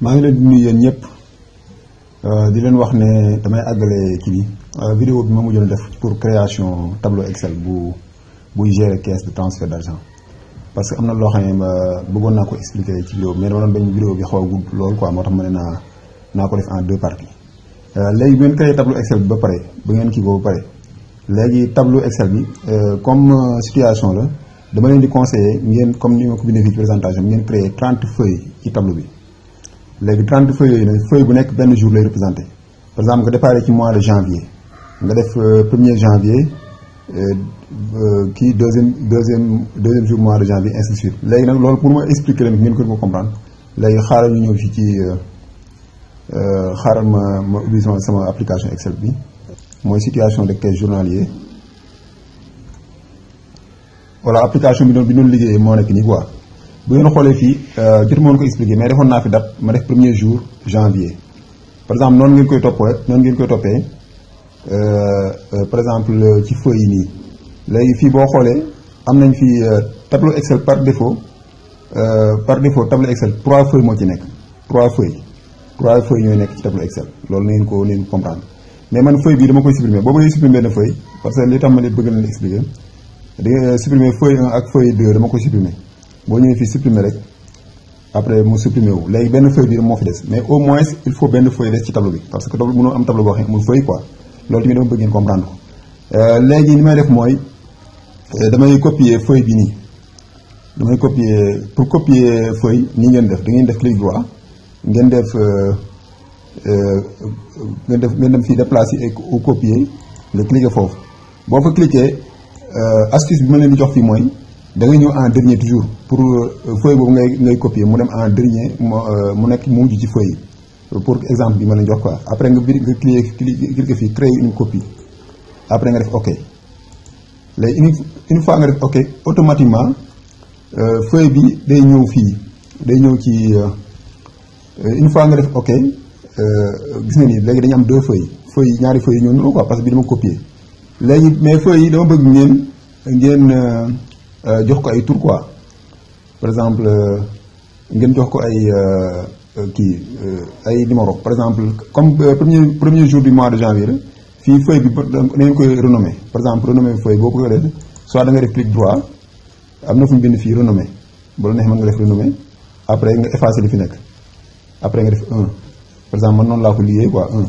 maa ngi leen di nuyu yéen ñëpp euh, di leen wax ne damay àggale kii bi euh, vidéo bi ma mujjoon def pour création tableau Excel bu buy gérer caisse de transfert d' argent parce que am na loo xam ne ma bëggoon naa ko expliquer ci vidéo bi mais dama doon bañ vidéo bi xaw a gudd lool quoi moo tax ma ne naa naa ko def en deux parties euh, léegi bu ngeen créé tableau Excel bi ba pare ba ngeen kii ko ba pare léegi tableau Excel bi comme situation la dama leen di conseiller ngeen comme ni ma ko bindee fii ci présentation bi ngeen créé 30 feuilles ci tableau bi léegi 30 feuilles yooyu nag feuille bu nekk benn jour lay représenté par exemple nga déparé ci mois de janvier nga def euh, premier janvier euh, euh, kii deuxième deuxième deuxième jour mois de janvier ainsi de suite léegi nag loolu pour ma expliquer leen ngeen ko ko comprendre léegi xaaral ñu ñëw fii ci xaaral ma ma ubbi sama application Excel bi mooy situation de caisse yi wala application bi noonu bi noonu liggéeyee moo nekk nii quoi. bu ngeen xoolee fii euh, jotuma woon ko expliquer mais defoon naa fi date ma def premier jour janvier par exemple noonu ngeen koy toppee noonu euh, euh, par exemple ci feuille yi nii léegi fii boo xoolee am nañ fi tableau Excel par défaut par défaut tableau Excel trois feuilles moo ci nekk trois feuilles trois feuilles ñooy nekk ci tableau Excel loolu neen ko neen comprendre mais man feuille bii dama koy supprimer boo bëggee supprimer na feuille parce que li tax ma ne bëgg na leen expliquer dama koy supprimer boo ñëwee fii supprimer rek après mu supprimer wu léegi benn feuille bi moo fi des mais au moins il faut benn feuille des ci tableau bi parce que tableau mënoo am tableau boo xam ne amul feuille quoi loolu tamit dama euh, léegi ni may def mooy euh, damay copier feuille bi nii damay copier pour copier feuille nii ngeen def da def clic droit ngeen def euh, ngeen def ngeen dem fii déplacer et ou copier nga cliquer foofu boo fa cliquer astuce bi ma leen jox fi mooy. da ngay ñëw en dernier toujours pour euh, feuille boobu ngay ngay copier mu dem en dernier mu euh, nekk mu mujj ci feuille pour exemple bi ma leen jox quoi après nga biir nga cliquer cliquer fii créer une copie après nga def ok léegi une une fois nga def ok automatiquement euh, feuille bi day ñëw fii day ñëw ci une fois nga def ok gis nga ni léegi dañu am deux feuilles feuilles ñaari feuilles ñoo ñëw quoi parce que bi dama copier léegi mais feuilles yi dama bëgg ngeen ngeen. Euh, jox ko ay tur quoi par exemple euh, ngeen jox ko ay euh, kii ay numéro par exemple comme premier premier jour du mois de janvier fii feuille bi da ngeen koy renommé par exemple renommé feuille boo ko defee soit da nga def clic droit am na fu mu bind fii renommé ba la neex mën nga def renommé après nga effacé li fi nekk après nga def 1 par exemple man noonu laa ko liggéey quoi 1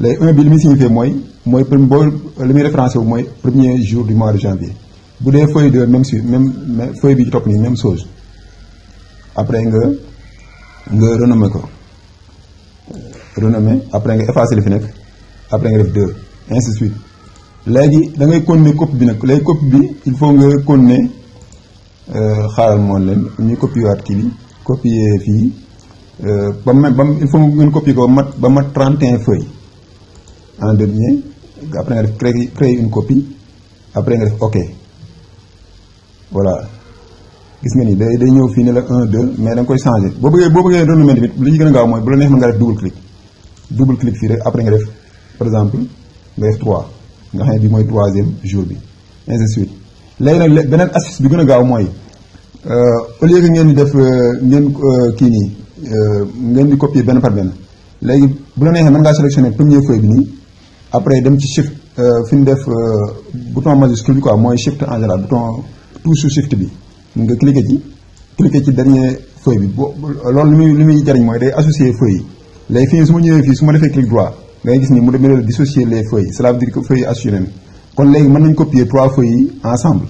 léegi 1 bi li muy signifié mooy mooy boo li muy référencé wu mooy premier jour du mois de janvier. bu dee feuille de même si même feuille bi ci topp nii même chose après nga nga renommé ko renommé après nga effacé fi nekk après nga def deux ainsi de suite léegi da ngay continuer copie bi nag léegi copie bi il faut nga continuer euh, xaaral moon leen ñu copier waat kii bi copier fii euh, ba mu ba il faut ngeen copier ko ba mat ba mat 31 feuilles en dernier après nga def créer créer une copie après nga def ok voilà gis nga ni day day ñëw fii ne la 1 2 mais da nga koy changé boo bëggee boo bëggee renommé tamit li ci gën a gaaw mooy bu la neex mën nga def double clic double clic fii rek après nga def par exemple nga def 3 nga xam ne bii mooy troisième jour bi ainsi léegi nag beneen astuce bi gën a gaaw mooy euh, au lieu ngeen di def euh, ngeen euh, kii nii ngeen di copier benn par benn léegi bu la neexee mën ngaa sélectionner premier feuille bi nii après dem ci shift fi ñu def bouton majuscule bi quoi mooy shift en général bouton. touche shift bi nga cliqué ci cliqué ci dernier feuille bi loolu li muy li muy jariñ mooy day associer feuille yi léegi fii su ma ñëwee fii su ma defee clic droit da gis ni mu demee dissocier les feuilles cela veut dire que feuilles yi associé leen kon léegi mën nañ copier trois feuilles yi ensemble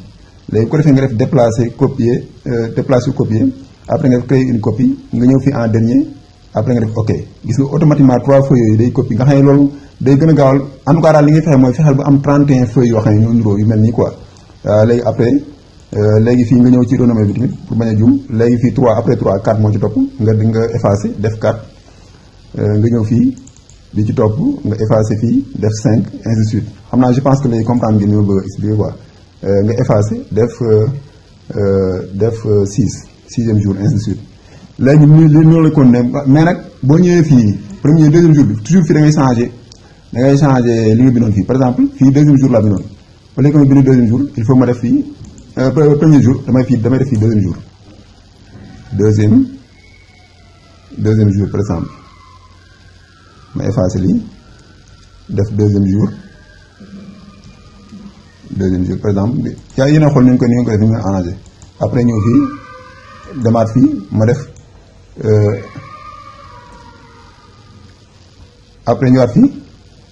léegi bu ko defee nga def déplacer copier euh, déplacer copier après nga def créer une copie nga ñëw fii en dernier après nga def ok gis nga automatiquement a gaawal en tout cas daal Euh, léegi fii nga ñëw ci renommé bi tamit pour bañ a jum léegi fii 3 après 3 4 moo ci topp nga di nga effacé def 4 euh, nga ñëw fii bi ci topp nga effacé fii def 5 ainsi de suite xam naa je pense que léegi comprendre ngeen ni ma bëgg a euh, nga effacé def def 6 sixième jour ainsi de suite léegi ñu li ñu la ne mais nag boo ñëwee fii premier deuxième jour bi toujours fii da ngay changé da ngay changé li nga bindoon fii par exemple fii deuxième jour laa bindoon ba léegi ma bind deuxième jour il faut ma def fii. Euh, euh, premier jour damay fii damay def fii deuxième jour deuxième deuxième jour par exemple ma effacé lii def deuxième jour deuxième jour par exemple yaa yéen a xool ñu ko ni ñu ko def ñu ngi arrangé après ñëw fii demaat fii ma def euh, après ñëwaat fii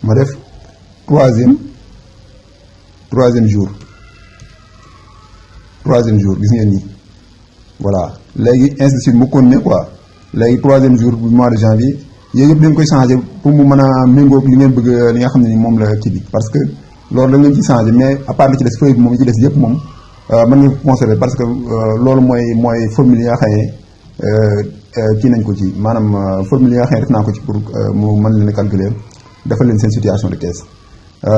ma def troisième troisième jour troisième jour gis ngeen nii voilà léegi ainsi de suite mu continuer quoi léegi troisième jour bu mois de janvier yooyu yëpp dañ koy changé pour mu mën a méngoog li ngeen bëgg euh, li nga xam ne ni moom la kii bi parce que loolu da ngeen ci changé mais à part ci des feuille bi moom li yëpp moom euh, mën nga conserver parce que euh, loolu mooy mooy formule yi nga xam nañ ko ci maanaam formule yi nga xam ne def naa ko ci pour mu mën leen calculer defal leen seen situation de caisse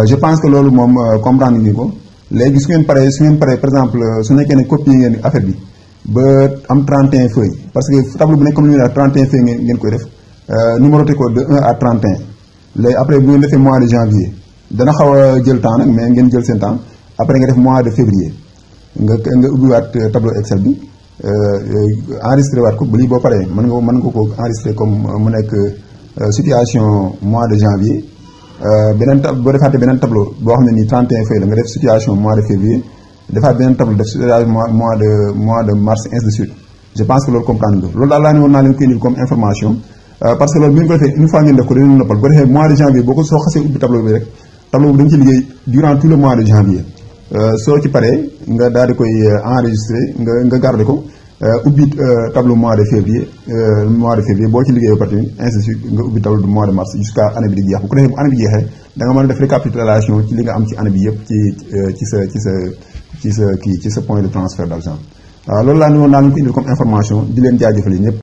je pense que loolu moom comprendre ngeen ko léegi su ngeen paree su ngeen paree par exemple su nekkee ne copier ngeen affaire bi ba am 31 feuilles parce que tableau bu nekk comme li ñu wax 31 feuilles ngeen koy def euh, numéroté ko de 1 à 31 léegi après bu ngeen defee mois de janvier dana xaw jël temps nag mais ngeen jël seen temps après nga def mois de février nga nga ubbiwaat euh, tableau Excel bi euh, enregistré waat ko bu lii boo paree mën nga mën nga ko enregistré comme mu nekk situation mois de janvier. Euh, beneen beneen tableau boo xam ne nii 31 feuilles la nga def situation mois de février defaat beneen tableau def situation mois de mois de mars ainsi de suite je pense que loolu comprendre nga loolu daal laa ne woon naa leen koy indil comme information euh, parce que loolu bu ñu ko defee une fois def ko dañu noppal bu defee mois de janvier boo ko soo xasee ubbi tableau bi rek tableau bi da nga ci liggéey durant tout le mois de janvier euh, soo ci paree nga daal di ko Euh, ubbi euh, tableau mois de février euh, mois de février boo ci liggéeyoo ba tamit ainsi de suite nga ubbi tableau mois de mars jusqu'à année bi di jeex bu ko defee bu année bi jeexee da mën def récapitulation ci li nga am ci année bi yëpp ci ci sa ci sa ci sa kii ci sa point de transfert d'argent waaw loolu laa ne woon naa leen ko indil comme information di leen jaajëfal yi ñëpp